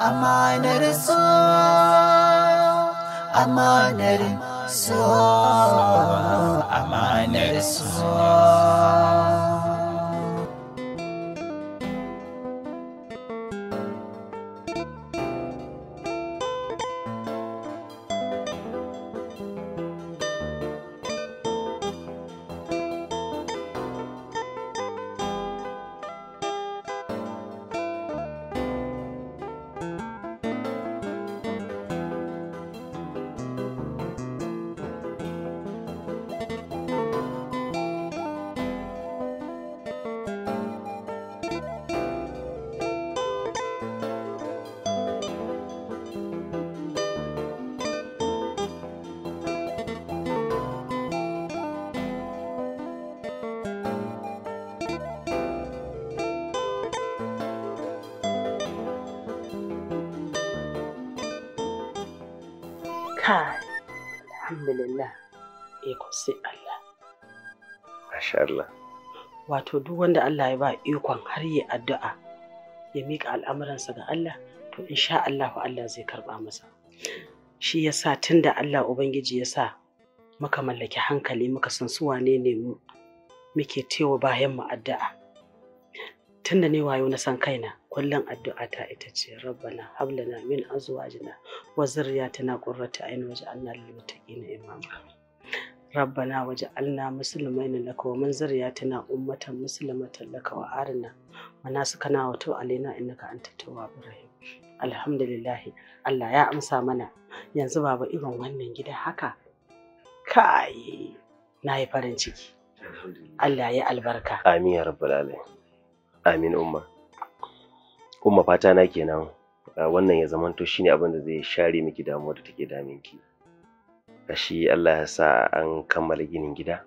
Amanar so, amanar so, amanar so. alhamdulillah sai Allah masha Allah wato duk wanda Allah ya ba ikon har yi addu'a ya mika al'amuransa ga Allah to insha Allah Allah zai karɓa masa shi yasa tunda Allah ubangiji ya sa muka mallaki hankali muka san su wane ne mu muke tewa bayan mu addu'a tun da ne wayo na san kaina kullum addu'a ta ita ce rabbana hablana min azwajina wa zurriyatina qurrata ayni waj'alna lil muttaqina imama rabbana waj'alna muslimaina laka wa min zurriyatina ummatan muslimatan laka wa arina wa nasukana wa tub alaina innaka antat tawwab rahim alhamdulillahi Allah ya amsa mana yanzu baba irin wannan gida haka kai na yi farin ciki Allah ya albarka amin ya rabbal alamin Amin Umma. Umma fata na kenan wannan ya zamanto shine abin da zai share miki damuwa da take damin ki. Gashi Allah ya sa an kammala ginin gida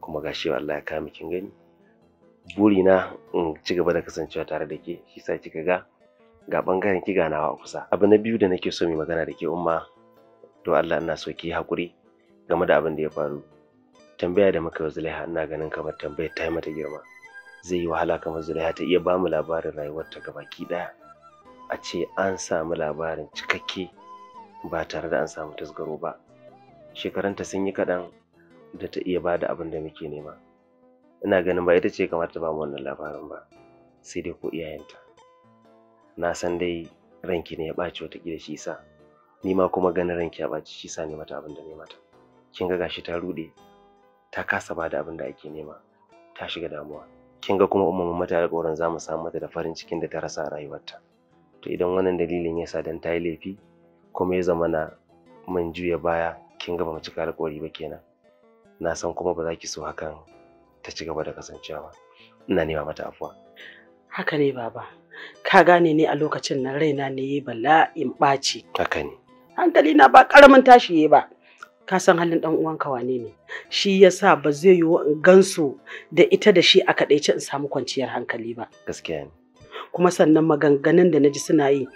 kuma gashi Allah ya kama kin gani. Burina in ci gaba da kasancewa tare da ke shi sa kika ga ga ɓangaren ki ganawa a kusa. Abu na biyu da nake so mai magana da ke Umma to Allah ina so ki hakuri game da abin da ya faru. Tambaya da muka yi Zulaiha ina ganin kamar tambayar ta yi mata girma. zai yi wahala kamar zulaiha ta iya bamu labarin rayuwarta gabaki ɗaya. a ce an samu labarin cikakke ba tare da an samu tasgaro ba shekarunta sun yi kaɗan da ta iya bada abin da muke nema ina ganin ba ita ce kamar ta bamu wannan labarin ba sai dai ko iyayenta na san dai ranki ne ya ɓaci wata da shi sa ni ma kuma ganin ranki ya ɓaci shi sa ne mata abin da ne mata kin ga gashi ta ruɗe ta kasa ba da abin da ake nema ta shiga damuwa kin ga kuma umman mata da za mu samu mata da farin cikin da ta rasa a rayuwarta to idan wannan dalilin yasa dan ta yi laifi kuma ya zama na mun juya baya kin ga ba mu cika alƙawari ba kenan na san kuma ba za ki so hakan ta ci gaba da kasancewa ina nema mata afuwa haka ne baba ka gane ne a lokacin nan raina ne bala'in ɓaci haka ne hankali na ba karamin tashi ba ka san halin dan uwanka wane ne shi yasa ba zai yiwu in gansu da ita da shi a kadaice in samu kwanciyar hankali ba gaskiya ne kuma sannan maganganun da naji suna yi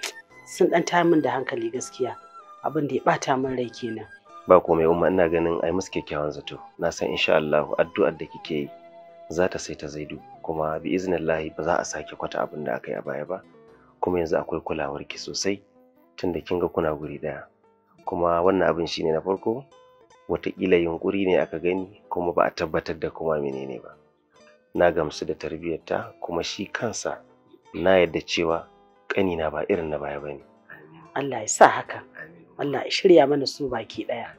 sun dan ta min da hankali gaskiya abin da ya bata min rai kenan ba komai umma ina ganin ai musu kyakkyawan zato na san insha Allah addu'ar da kike yi za ta sai ta zaidu kuma bi iznillahi ba za a sake kwata abin da aka yi a baya ba kuma yanzu akwai kulawar ki sosai tunda kin ga kuna guri daya kuma wannan abin shine na farko wataƙila yunƙuri ne aka gani kuma ba a tabbatar da kuma menene ba na gamsu da tarbiyyarta kuma shi kansa na yadda cewa ƙanina ba irin na baya bane Allah ya sa haka Allah ya shirya mana su baki ɗaya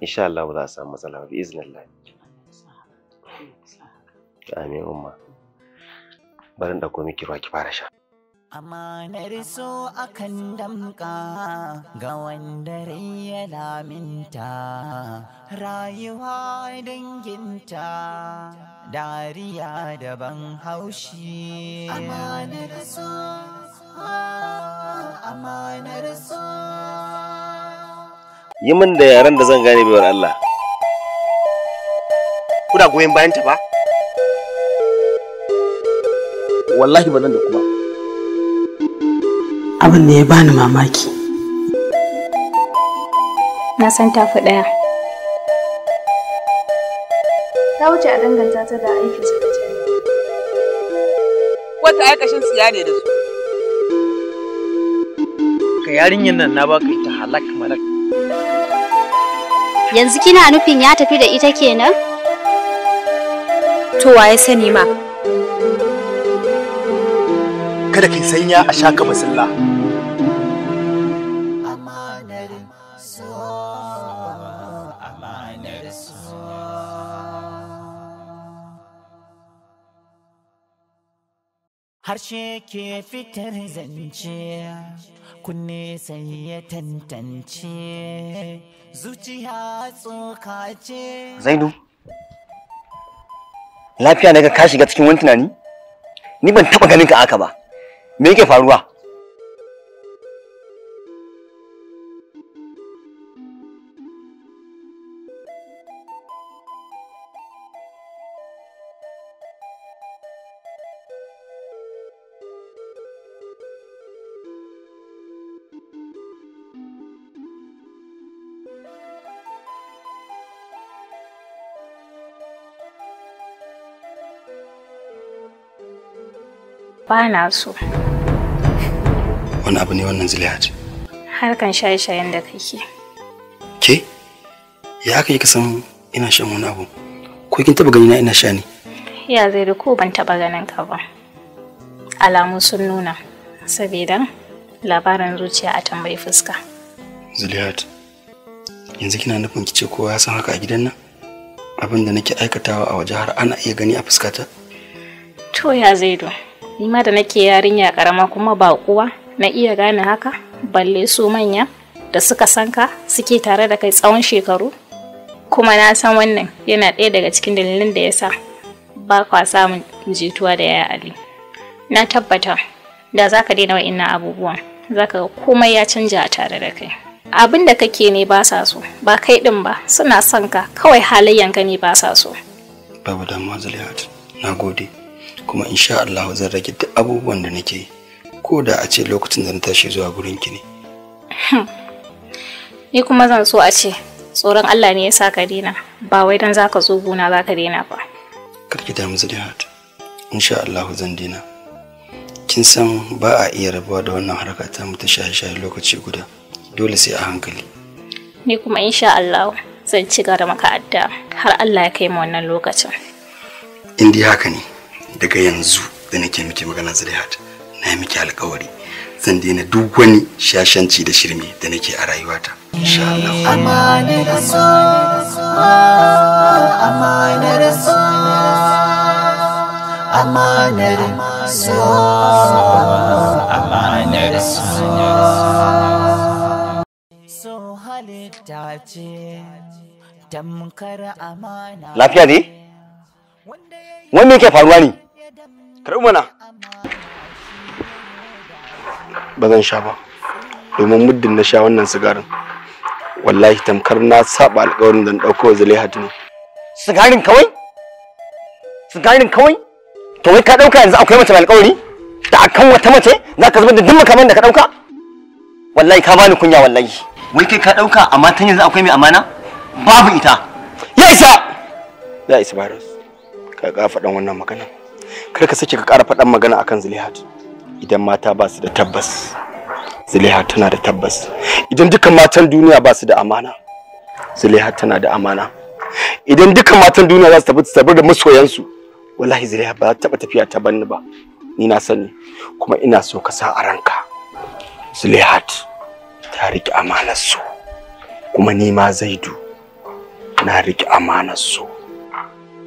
insha Allah ba za a samu matsala ba bi'iznillah amin umma bari in ɗauko miki ruwa ki fara sha Amanar so akan damka ga wanda ya laminta, rayuwa danginta, dariya daban haushi. Amanar so, ah, amanar so. Yi min da yaren da zan gane baiwar Allah. Kuna goyon bayanta ba? Wallahi ba nan da kuma. abin da ya bani mamaki na san tafi ɗaya ta wuce a danganta ta da aikin su wata kashin su ne da su ka yarinyar nan na baka ita halak malak yanzu kina nufin ya tafi da ita kenan to waye sani ma kada kai sanya a shaka basilla harshe ke fitar zance kunne sai ya tantance zuciya tsoka ce zainu lafiya naga ka shiga cikin wani tunani ni ban taba ganin ka aka ba me yake faruwa ba na so wani abu ne wannan zilihat harkan shaye-shayen da kake ke ya haka ka san ina shan wani abu ko kin taba ganina ina sha ne ya zai da ko ban taba ganin ka ba alamu sun nuna saboda labarin zuciya a tambayi fuska ziliyat yanzu kina nufin kice ce kowa ya san haka a gidan nan abin da nake aikatawa a waje har ana iya gani a fuskata To ya zaido, ni ma da nake yarinya karama kuma ba kuwa na iya gane haka balle su manya da suka san ka suke tare da kai tsawon shekaru. Kuma na san wannan yana ɗaya daga cikin dalilin da ya sa ba kwa samun jituwa da yaya Ali. Na tabbata da za ka daina wa'in abubuwan za ka komai ya canja a tare da kai. Abin da kake ne ba sa so, ba kai ɗin ba suna son ka kawai halayyanka ne ba sa so. Babu damuwa Zuliyat, na gode. kuma insha Allah zan rage duk abubuwan da nake yi ko da a ce lokacin da na tashi zuwa gurin ki ne hmm. ni kuma zan so a ce tsoron Allah ne ya sa ka daina ba wai dan zaka zo gona za ka daina ba karki da muzu insha Allah zan daina kin san ba a iya rabuwa da wannan harka ta mu ta shaye-shaye lokaci guda dole sai a hankali ni kuma insha Allah zan ci gaba maka adda har Allah ya kai mu wannan lokacin in dai haka ne daga yanzu da nake miki magana zuriyat na yi miki alkawari zan daina duk wani shashanci da shirme da nake a rayuwata insha Allah lafiya ne wai yake faruwa ne karɓi mana ba zan sha ba domin muddin na sha wannan sigarin wallahi tamkar na saba alƙawarin da na ɗauko wa zulaiha ne sigarin kawai sigarin kawai to wai ka ɗauka yanzu akwai mace mai alƙawari da akan wata mace za ka zubar da duk makaman da ka ɗauka wallahi ka bani kunya wallahi wai kai ka ɗauka amma tun yanzu akwai mai amana babu ita ya isa ya isa virus ka ga faɗan wannan magana kar ka sake ka kara faɗan magana akan zulihat idan mata ba su da tabbas zulihat tana da tabbas idan dukkan matan duniya ba su da amana zulihat tana da amana idan dukkan matan duniya za su tafi su tafi da masoyansu wallahi zulihat ba za ta taɓa tafiya ta banni ba ni na sani kuma ina so ka sa a ranka zulihat ta riƙe amanar su kuma ni ma zaidu na riƙe amanar su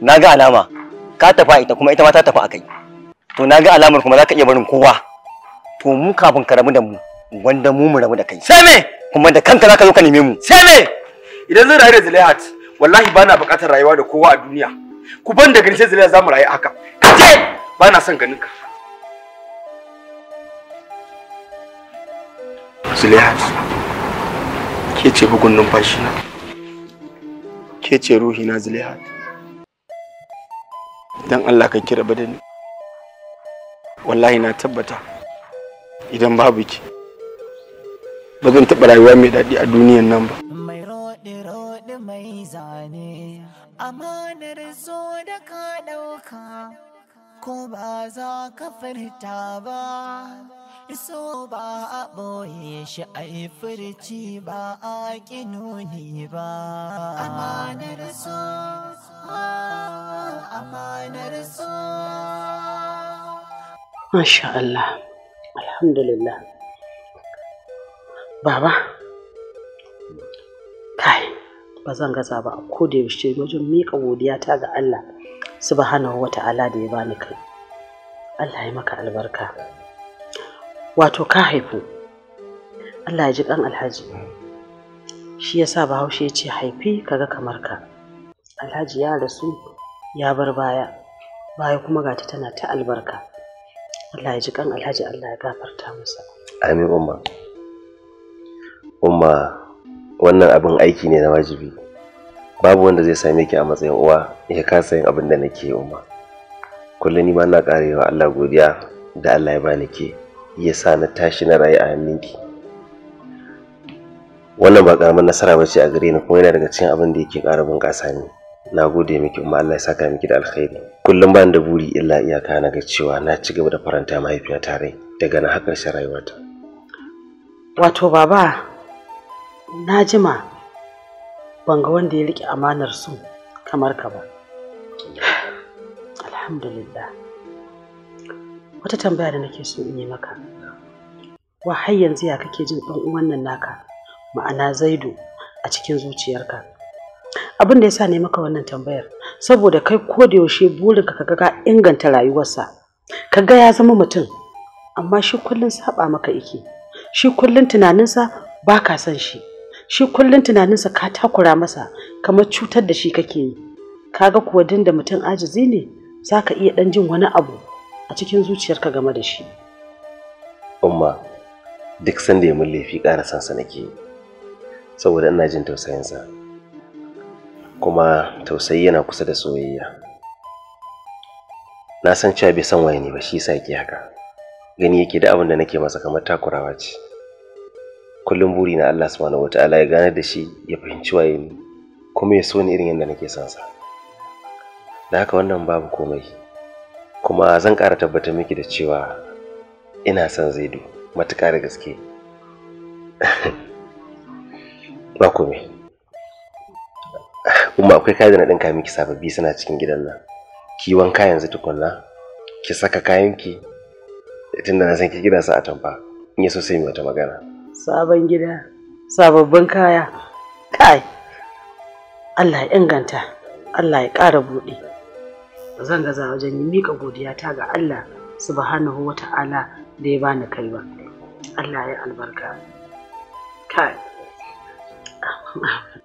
na ga alama ka tafa ita kuma ita ma ta tafi a kai, to na ga alamar kuma ka iya barin kowa to mu kafin ka rabu da mu wanda mu mu rabu da kai sai me kuma da kanka za ka zo ka neme mu sai me idan zan rayu da Zulaihat wallahi ba na buƙatar rayuwa da kowa a duniya ku ban da ganin sai Zulaihat mu rayu haka ka je Ba na son ganin ka Zulaihat ke ce bugun numfashi na ke ce ruhi na Zulaihat don Allah ka kira da ni wallahi na tabbata idan babu ki ba zan taɓa rayuwa mai daɗi a duniyan nan ba mai roɗe mai zane amanar zo da ka ɗauka ko ba za ka furta ba iso ba a boye shi a yi furci ba a ƙi nuni ba amanar so amanar so Masha Allah, Alhamdulillah. Baba, kai, ba zan gaza ba a koda yaushe wajen miƙa godiyata ga Allah subhanahu wa ta'ala da ya bani kai. Allah ya maka albarka. wato ka haifu Allah ya ji kan alhaji shi yasa bahaushe ya ce haifi kaga kamar ka alhaji ya rasu ya bar baya baya kuma gata tana ta albarka Allah ya ji kan alhaji Allah ya gafarta masa amin umma umma wannan abin aiki ne na wajibi babu wanda zai same ki a matsayin uwa ya kasa yin abin da nake umma kullum ni ma na karewa Allah godiya da Allah ya bani ke ya sa na tashi na rayu a hannunki wannan ba karamar nasara ba ce a gare ni kuma yana daga cikin abin da yake ƙara bunƙasa ni na gode miki kuma Allah ya saka miki da alkhairi kullum bani da buri illa iyaka na ga cewa na ci gaba da faranta mahaifiyata tare, daga na hakar shi rayuwata wato baba na jima ban ga wanda ya riƙe amanar su kamar ka ba alhamdulillah wata tambaya da nake so in yi maka wa har yanzu ya kake jin ɗan uwan nan naka ma'ana zaidu a cikin zuciyarka abin da yasa ne maka wannan tambayar saboda kai ko da yaushe burinka ka ga ka inganta rayuwarsa ka ga ya zama mutum amma shi kullun saba maka yake shi kullun tunaninsa ba ka son shi shi kullun tunaninsa ka takura masa kamar cutar da shi kake yi kaga kuwa dinda mutum ajizi ne za ka iya ɗan jin wani abu a cikin zuciyarka game da shi umma duk sanda ya mun fi ƙara sansa nake saboda ina jin tausayinsa kuma tausayi yana kusa da soyayya na san cewa bai san waye ne ba shi sa yake haka gani yake da abin da nake masa kamar takurawa ce kullum buri na Allah subhanahu wata'ala ya gane da shi ya fahimci waye ni kuma ya so ni irin yadda nake sansa sa da haka wannan babu komai kuma zan ƙara tabbatar miki da cewa ina son zaidu matuƙa da gaske ba kome kuma akwai kayan na ɗinka miki sababbi suna cikin gidan nan ki wanka yanzu tukunna ki saka kayan ki, tunda na san ki gidan sa a tamba in yaso sai mai wata magana sabon gida sababbin kaya kai Allah ya inganta Allah ya ƙara buɗe ba zan gaza wajen miƙa godiyata ga Allah subhanahu wa ta'ala da ya bani kai ba Allah ya albarka kai ah,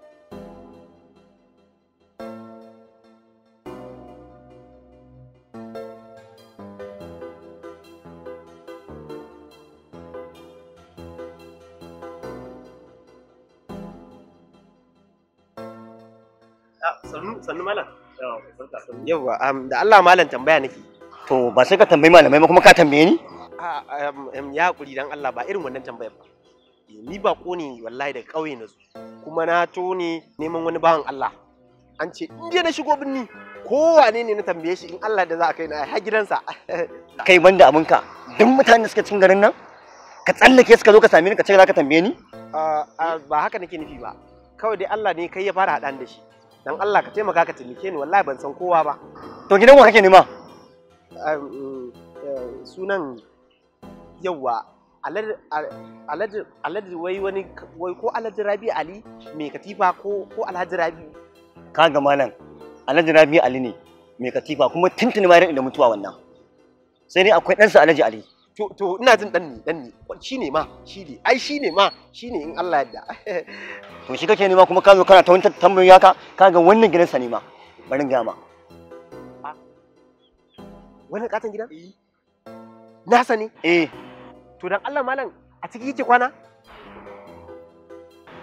sannu malam Yawwa, da Allah malam tambaya nake. To ba sai ka tambayi malamai kuma ka tambaye ni? Ya hakuri dan Allah ba irin wannan tambayar ba. Eh, ni ba ko ne wallahi da ƙauye na su. Kuma na to ne neman wani bawan Allah. An ce in na shigo birni wane ne na tambaye shi in Allah da za a kai na har gidansa. Kai banda abinka duk mutanen da suka cin garin nan ka tsallake suka zo ka same ni ka ce za ka tambaye ni? Ba haka nake nufi ba. Kawai dai Allah ne kai ya fara haɗa da shi. dan Allah ka taimaka ka taimake ni wallahi ban san kowa ba to gidan wa kake nema eh, sunan yawa alad wai wani wai ko alhaji rabi ali me katifa ko ko alhaji rabi ka ga malam alad rabi ali ne mai katifa kuma tuntuni ma irin da mutuwa wannan sai dai akwai ɗansa alhaji ali to to ina jin dan ne dan ne shine ma shine ai shine ma shine in Allah yadda to shi kake nema kuma ka zo kana ta wani tambayoyi ka kaga wannan gidan ne ma barin ga ma wannan katon gidan eh. na sani eh to dan Allah malam a ciki yake kwana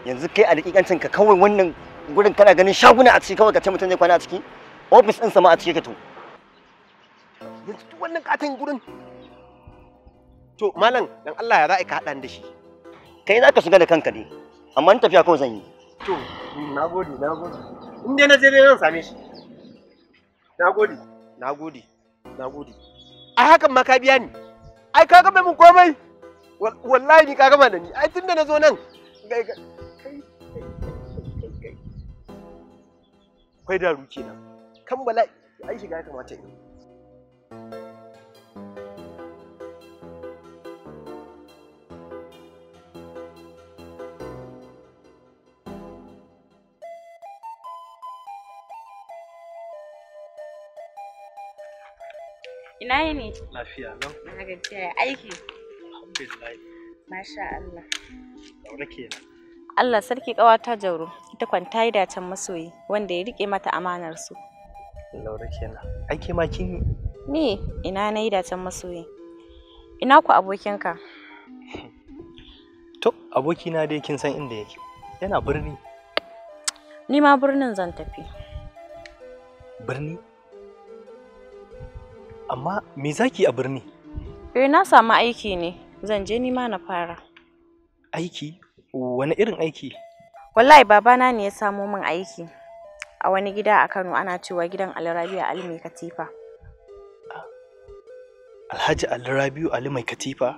yanzu kai a dakikancin ka kawai wannan gurin kana ganin shaguna a ciki kawai ka ce mutum zai kwana a ciki ofis sa ma a ciki ka to yanzu duk wannan katon gurin to malam dan Allah ya za ka haɗa da shi kai za ka shiga da kanka ne amma in tafiya kawai zan yi to nagode nagode in dai na je dai zan same shi nagode nagode nagode ai hakan ma ka biya ni ai ka gama min komai wallahi ni ka gama da ni ai tunda na zo nan kai da ruke nan kan Bala ai shiga ya kamata in ina yini lafiya lau na gajiya aiki masha Allah kenan Allah sarki ƙawata Jauro ita kwanta yi dacen masoyi wanda ya rike mata amanar su laure kenan ai ke ma kin ni ina na yi dacen masoyi ina ku abokinka to abokina dai kin san inda yake yana birni ni ma birnin zan tafi birni Amma me zaki a birni? Eh na samu aiki ne, zan je nima na fara. Aiki? Wani irin aiki? Wallahi babana ne ya samo min aiki. A wani gida a Kano ana cewa gidan Alrabi'a Ali Mai Katifa. Alhaji Alrabi'u Ali Mai Katifa?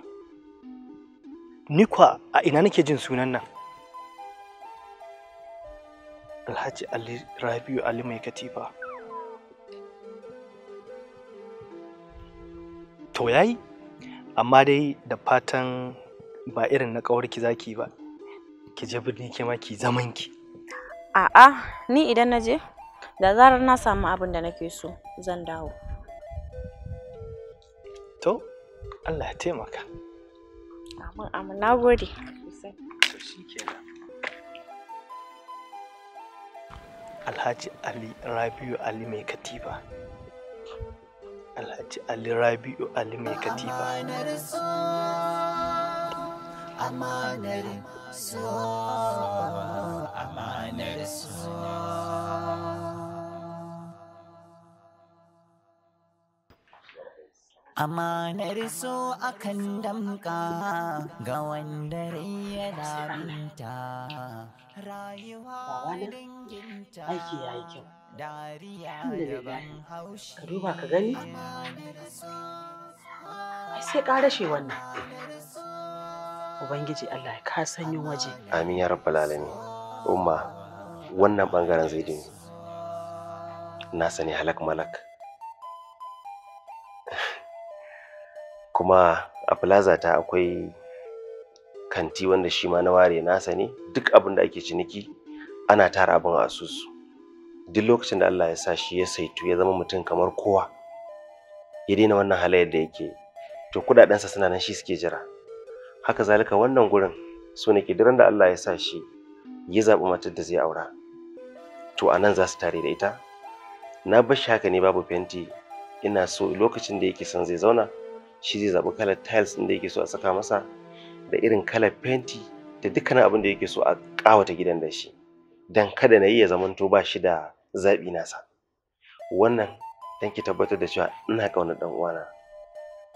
Ni kwa a ina nake jin sunan nan? Alhaji Ali Rabi'u Ali Mai Katifa. to yayi amma dai da fatan ba irin na ƙawarki zaki ba ki je birni ke ma ki zaman ki a'a ni idan na je da zarar na samu abin da nake so zan dawo to Allah ya taimaka amin amin na gode Alhaji Ali Rabiu Ali mai katifa alhaji ali rabi'u ali mai katifa amanar so amanar so akan damka ga wanda ya laminta rayuwa danginta. Aiki ya yi kyau. ka duba ka gani sai karashe wannan ubangiji allah ya ka sanyin waje amin ya rabbal alamin umma wannan bangaren zai ne na sani halak malak kuma a plaza ta akwai kanti wanda shi ma na ware nasa ne duk abin da ake ciniki ana tara abin a asusu duk lokacin da Allah ya sa shi ya saitu ya zama mutum kamar kowa ya daina wannan halayyar da yake to kudadensa suna nan shi suke jira haka zalika wannan gurin so ne kidiran da Allah ya sa shi ya zaɓi matar da zai aura to a nan za su tare da ita na bar shi haka ne babu fenti ina so lokacin da yake son zai zauna shi zai zaɓi kalar tiles ɗin da yake so a saka masa da irin kalar fenti da dukkanin abin da yake so a ƙawata gidan da shi don kada na yi ya zamanto ba shi da zaɓi nasa wannan dan ki tabbatar da cewa ina ƙaunar dan uwana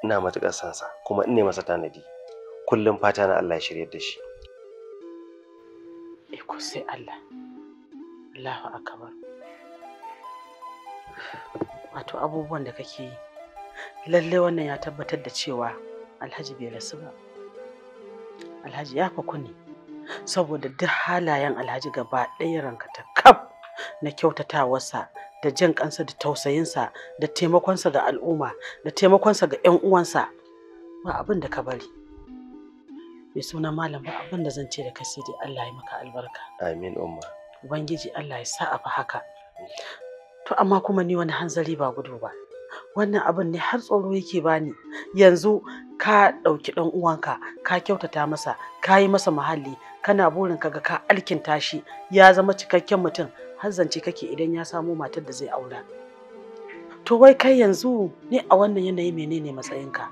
ina matuƙar san sa kuma ina masa tanadi kullum fata na Allah ya shiryar da shi ko sai Allah Allahu akbar wato abubuwan da kake yi lalle wannan ya tabbatar da cewa Alhaji bai rasu ba Alhaji ya fa kuni saboda duk halayen Alhaji gaba ɗaya ranka ta kaf na kyautatawarsa da jin kansa da tausayinsa da taimakonsa ga al'umma da taimakonsa ga 'yan uwansa ba abin da ka bari mai suna malam ba abin da zan ce da ka sai dai Allah ya maka albarka amin umma ubangiji Allah ya sa abu haka to amma kuma ni wani hanzari ba gudu ba wannan abin ne har tsoro yake bani yanzu ka ɗauki ɗan uwanka ka kyautata masa ka yi masa muhalli kana burin ka ga ka alkinta shi ya zama cikakken mutum har zance kake idan ya samo matar da zai aura to wai kai yanzu ne a wannan yanayi menene matsayinka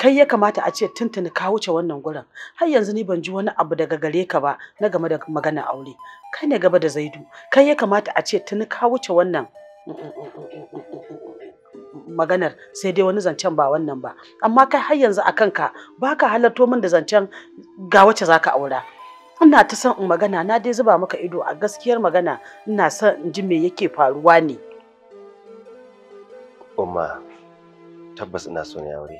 kai ya kamata a ce tuntuni ka wuce wannan gurin har yanzu ni ban ji wani abu daga gare ka ba na game da magana aure kai ne gaba da zaidu kai ya kamata a ce tuni ka wuce wannan maganar sai dai wani zancen ba wannan ba amma kai har yanzu a ka, baka halarto min da zancen ga wacce zaka aura ina ta san in magana na dai zuba maka ido a gaskiyar magana ina son in ji me yake faruwa ne umma tabbas ina son ya aure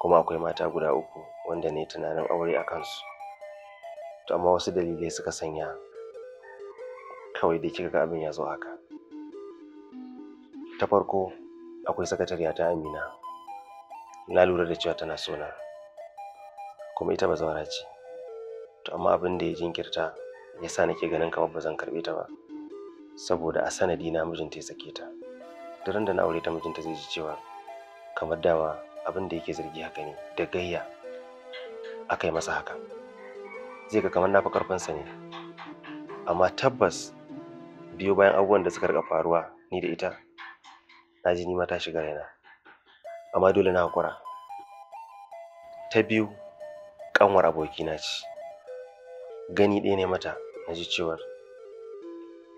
kuma akwai mata guda uku wanda ne tunanin aure a kansu to amma wasu dalilai suka sanya kawai dai kika ga abin ya zo haka ta farko akwai sakatariya ta amina na lura da cewa tana sona kuma ita bazawara ce to amma abin da ya jinkirta ya sa nake ganin kamar ba zan karɓe ta ba saboda a sanadi na mijinta ya sake ta daren da na aure ta mijinta zai ji cewa kamar dama abin da yake zargi haka ne da gayya aka yi masa haka zai ga kamar na fi karfinsa ne amma tabbas biyo bayan abubuwan da suka rika faruwa ni da ita na ji nima ta shiga raina amma dole na hakura ta biyu kanwar abokina ce gani ɗaya ne mata na ji cewar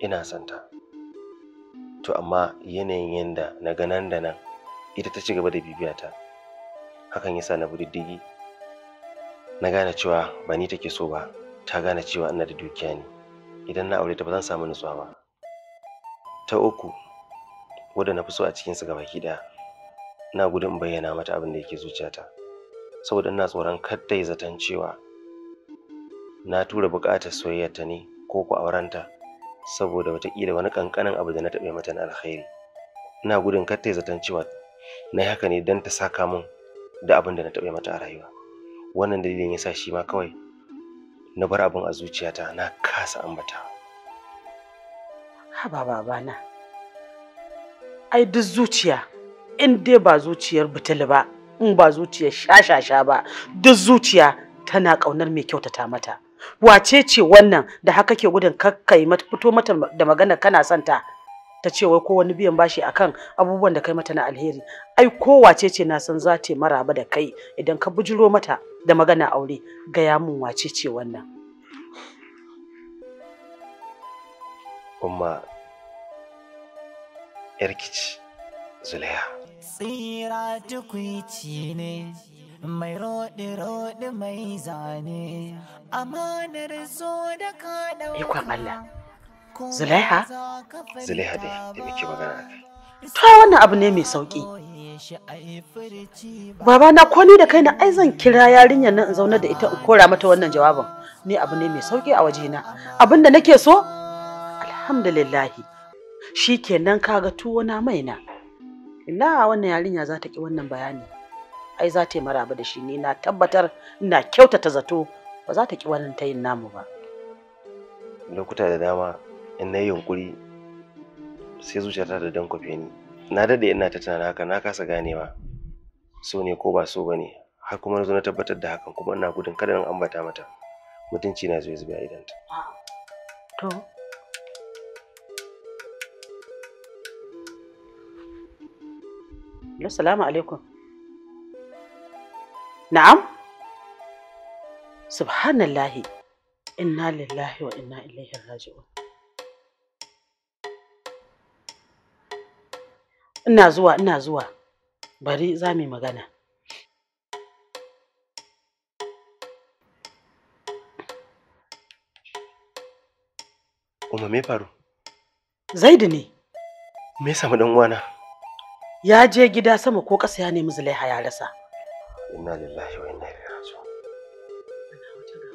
ina santa to amma yanayin yanda na ga nan da nan ita ta ci gaba da bibiyata hakan yasa na bi diddigi na gane cewa ba ni take so ba ta gane cewa ina da dukiya ne idan na aure ta ba zan samu nutsuwa ba ta uku wadda na fi so a cikinsu gabaki ɗaya na gudun bayyana mata abin da yake zuciyata saboda ina tsoron kar ta yi zaton cewa na tura buƙatar soyayyarta ne ko ku aurenta saboda watakila wani ƙanƙanin abu da na taɓa mata na alkhairi ina gudun kar ta yi zaton cewa na yi haka ne don ta saka min da abin da na taɓa mata a rayuwa wannan dalilin yasa shi ma kawai na bar abin a zuciyata na kasa ambata haba babana ai duk zuciya in dai ba zuciyar butul ba in ba zuciyar shashasha ba duk zuciya tana ƙaunar mai kyautata mata wace ce wannan da haka ke gudun kakkai fito mata da magana kana santa ta ta ce wai ko wani biyan bashi akan abubuwan da kai mata na alheri ai ko wace ce na san za ta maraba da kai idan ka bujiro mata da magana aure gaya mun wace ce wannan umma yarkici zulaiha tsira tukwici ne mai rode rode mai zane amanar zo da ka ikon Allah Zulaiha? Zulaiha dai da muke magana kai. To wannan abu ne mai sauki. Baba na ko ni da kaina ai zan kira yarinyar nan in zauna da ita in kora mata wannan jawabin. Ni abu ne mai sauki a wajena. Abin da nake so? alhamdulillah Shikenan kaga tuwo na maina. Ina wannan yarinya za ta ki wannan bayani. ai za ta yi maraba da shi ne na tabbatar ina kyautata zato ba za ta ki wannan yin namu ba lokuta da dama in na yi yunkuri sai zuciyata da dan kwafe ni na dade ina ta tana haka na kasa ganewa so ne ko ba so bane har kuma na zo na tabbatar da hakan kuma ina gudun kada in ambata mata mutunci na zai zubi a idanta to Assalamu alaikum. Na'am? Subhanallahi, inna lillahi wa inna ilaihi raji'un. Ina zuwa, ina zuwa, bari za mu magana. Uma me faru? Zaidu ne. Me ya mu dan uwana? Ya je gida sama ko ƙasa ya nemi Zulaiha ya rasa. inna lillahi wa inna ilaihi raji'un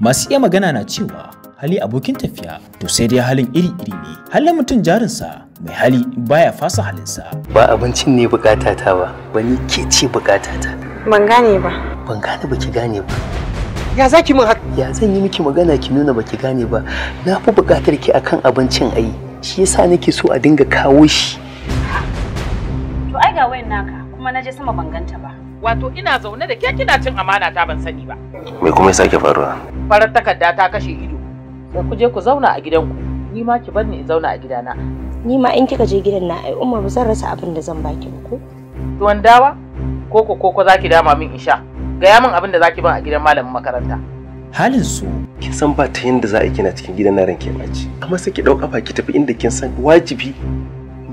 masu iya magana na cewa hali abokin tafiya to sai dai halin iri-iri ne halin mutum jarinsa mai hali baya fasa halinsa ba abincin ne ta ba wani ke ce ta? ban gane ba ban gane ba ki gane ba ya zaki mun haka ya zan yi miki magana ki nuna baki gane ba na fi bukatar ki akan abincin ai shi yasa nake so a dinga kawo shi to ai ga wayan naka kuma naje sama ban ganta ba wato ina zaune da ke kina cin amana ta ban sani ba me kuma ya sake faruwa farar takarda ta kashe ido sai ku je ku zauna a gidanku ni ma ki bar ni in zauna a gidana ni ma in kika je gidan na ai umar zan rasa abin da zan baki ba ko tuwon dawa koko koko zaki dama min in sha gaya min abin da zaki ban a gidan malamin makaranta halin su kin san ba ta yanda za a kina cikin gidan naran ke baci amma sai ki dauka ba ki tafi inda kin san wajibi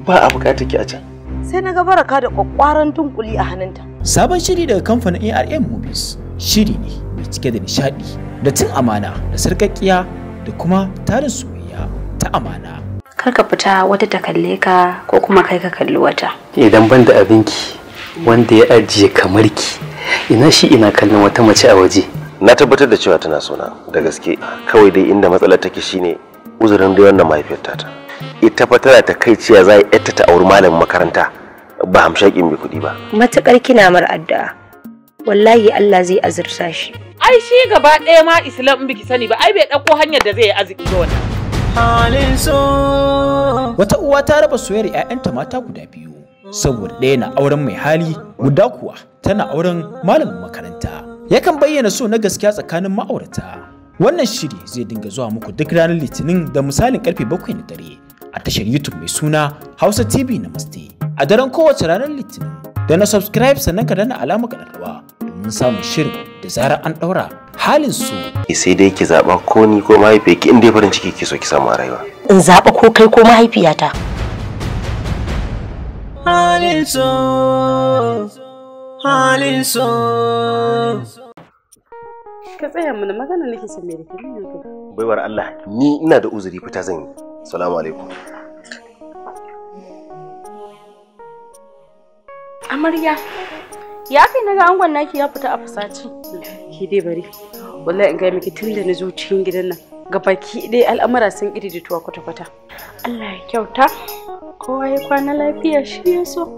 ba a bukatar ki a can sai na ga baraka da kwakwaran tunkuli a hannunta Sabon shiri daga kamfanin ARM Movies shiri ne mai cike da nishaɗi da cin amana da sarƙaƙiya da kuma tarin soyayya ta amana. Kar ka fita wata ta kalle ka ko kuma kai ka kalli wata. Idan ban da abinki wanda ya ajiye kamar ki ina shi ina kallon wata mace a waje. Na tabbatar da cewa tana sona da gaske kawai dai inda matsalar take shine uzurin da wannan mahaifiyar ta Ita fa tana ta kai ciya za 'yarta ta auri malamin makaranta. ba hamshakin mai kuɗi ba matukar kina mar addu'a wallahi Allah zai azurta shi ai shi gaba ɗaya ma islam in biki sani ba ai bai ɗauko hanyar da zai yi arziki ga wannan halin so wata uwa ta raba soyayyar 'ya'yanta mata guda biyu saboda ɗaya na auren mai hali guda kuwa tana auren malamin makaranta yakan bayyana so na gaskiya tsakanin ma'aurata wannan shiri zai dinga zuwa muku duk ranar litinin da misalin karfe bakwai na dare a tashar YouTube mai suna Hausa TV na Namaste. A daren kowace ranar Litinin, da na subscribe sannan ka dana alamar kadarwa domin samun shirin da zarar an ɗaura halin su. Eh, sai dai ki zaɓa ko ni ko mahaifiyarki in ya farin ciki ki so ki samu a rayuwa. In zaɓa ko kai ko mahaifiyata. Halin su, halin su. ka tsaya mana magana nake son me ne, ko baiwar Allah ni ina da uzuri fita zan yi assalamu alaikum amarya ya kai naga angon naki ya fita a fasaci ki dai bari wallahi in ga miki tun da na zo cikin gidan nan ga baki dai al'amura sun tuwa kwata-kwata Allah ya kyauta kowa ya kwana lafiya shi ya so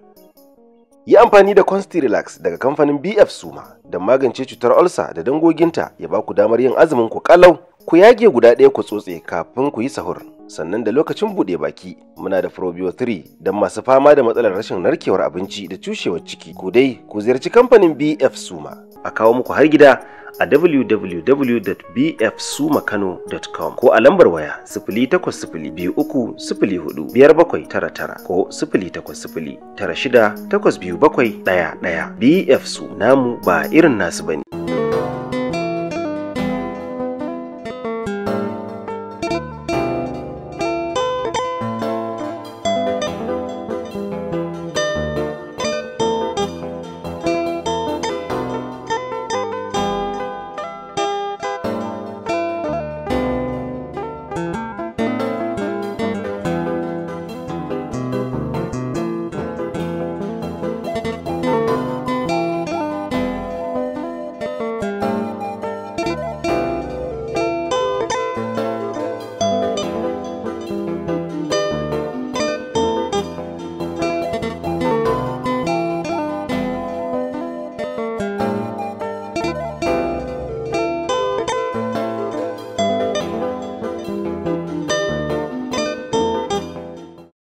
Yi amfani da relax daga kamfanin BF Suma don magance cutar olsa da dangoginta ya ba ku damar yin azumin ku kalau. Ku yage guda ɗaya ku tsotse kafin ku yi sahur. Sannan da lokacin buɗe baki muna da Probio 3 don masu fama da matsalar rashin narkewar abinci da cushewar ciki. Ku dai ku ziyarci kamfanin BF Suma a kawo muku har gida a www.bfsumakano.com ko a lambar waya sifili takwas sifili biyu uku sifili hudu biyar bakwai tara tara ko sifili takwas sifili tara shida takwas biyu bakwai daya daya bfsu namu ba irin nasu bane